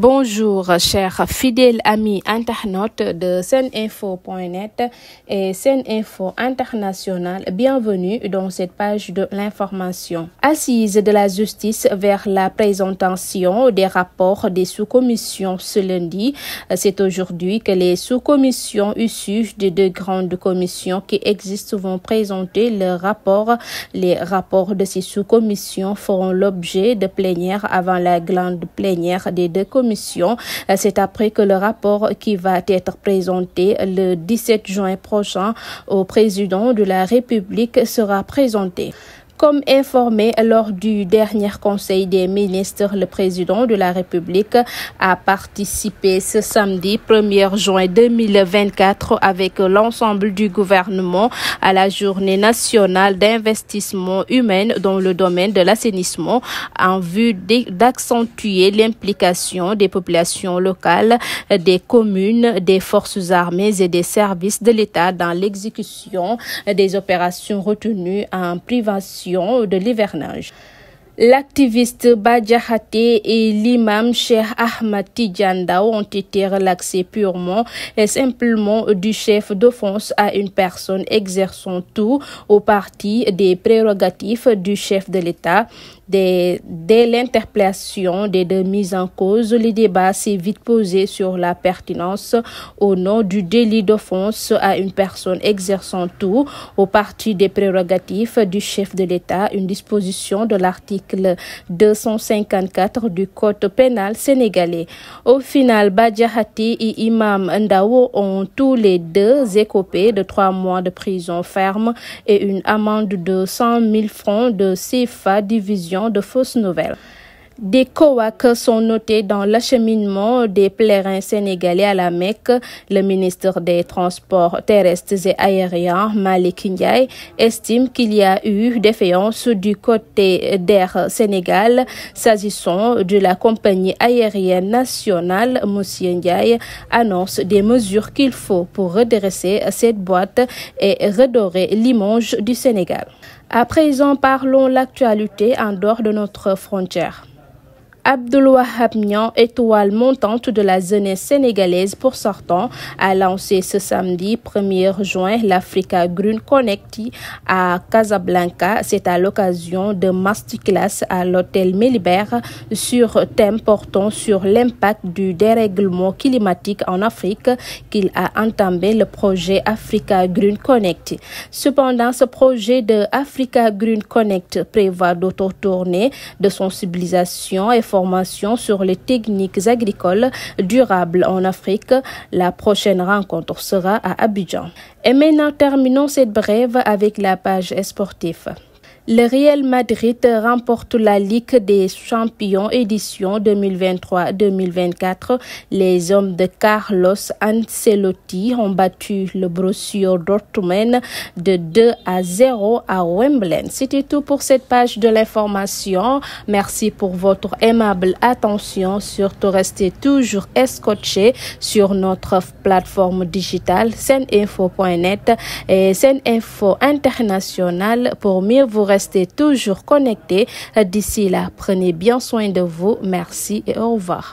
Bonjour, chers fidèles amis internautes de seninfo.net et Seninfo International. Bienvenue dans cette page de l'information. Assise de la justice vers la présentation des rapports des sous-commissions ce lundi. C'est aujourd'hui que les sous-commissions issues des deux grandes commissions qui existent vont présenter leurs rapports. Les rapports de ces sous-commissions feront l'objet de plénières avant la grande plénière des deux commission. Euh, c'est après que le rapport qui va être présenté le 17 juin prochain au de la République sera Comme informé lors du dernier Conseil des ministres, le président de la République a participé ce samedi 1er juin 2024 avec l'ensemble du gouvernement à la journée nationale d'investissement humain dans le domaine de l'assainissement en vue d'accentuer l'implication des populations locales, des communes, des forces armées et des services de l'État dans l'exécution des opérations retenues en privation gestion de l'hivernage. L'activiste Badiahaté et l'imam Cheikh Ahmad Tidjanda ont été relaxés purement et simplement du chef d'offense à une personne exerçant tout au parti des prérogatives du chef de l'État. des dès l'interpellation des deux mises en cause, le débat s'est vite posé sur la pertinence au nom du délit d'offense à une personne exerçant tout au parti des prérogatives du chef de l'État, une disposition de l'article l'article 254 du code pénal sénégalais. Au final, Badiahati et Imam Ndao ont tous les deux écopé de trois mois de prison ferme et une amende de 100 000 francs de CFA division de fausses nouvelles. Des COAC sont notés dans l'acheminement des pèlerins sénégalais à la Mecque. Le ministre des Transports terrestres et aériens, Malick Ndiaye, estime qu'il y a eu défaillance du côté d'Air Sénégal. S'agissant de la compagnie aérienne nationale, Monsieur annonce des mesures qu'il faut pour redresser cette boîte et redorer l'image du Sénégal. À présent, parlons l'actualité en dehors de notre frontière. Abdoul Wahab étoile montante de la jeunesse sénégalaise pour sortant, a lancé ce samedi 1er juin l'Africa Green Connect à Casablanca. C'est à l'occasion de masterclass à l'hôtel Melibert sur thème portant sur l'impact du dérèglement climatique en Afrique qu'il a entamé le projet Africa Green Connect. Cependant, ce projet de Africa Green Connect prévoit d'autres de sensibilisation d'informations sur les techniques agricoles durables en Afrique. La prochaine rencontre sera à Abidjan. Et maintenant, terminons cette brève avec la page sportive. Le Real Madrid remporte la Ligue des Champions édition 2023-2024. Les hommes de Carlos Ancelotti ont battu le Borussia Dortmund de 2 à 0 à Wembley. C'était tout pour cette page de l'information. Merci pour votre aimable attention. Surtout restez toujours escotchés sur notre plateforme digitale seninfo.net et Seninfo International pour mieux vous Restez toujours connectés. D'ici là, prenez bien soin de vous. Merci et au revoir.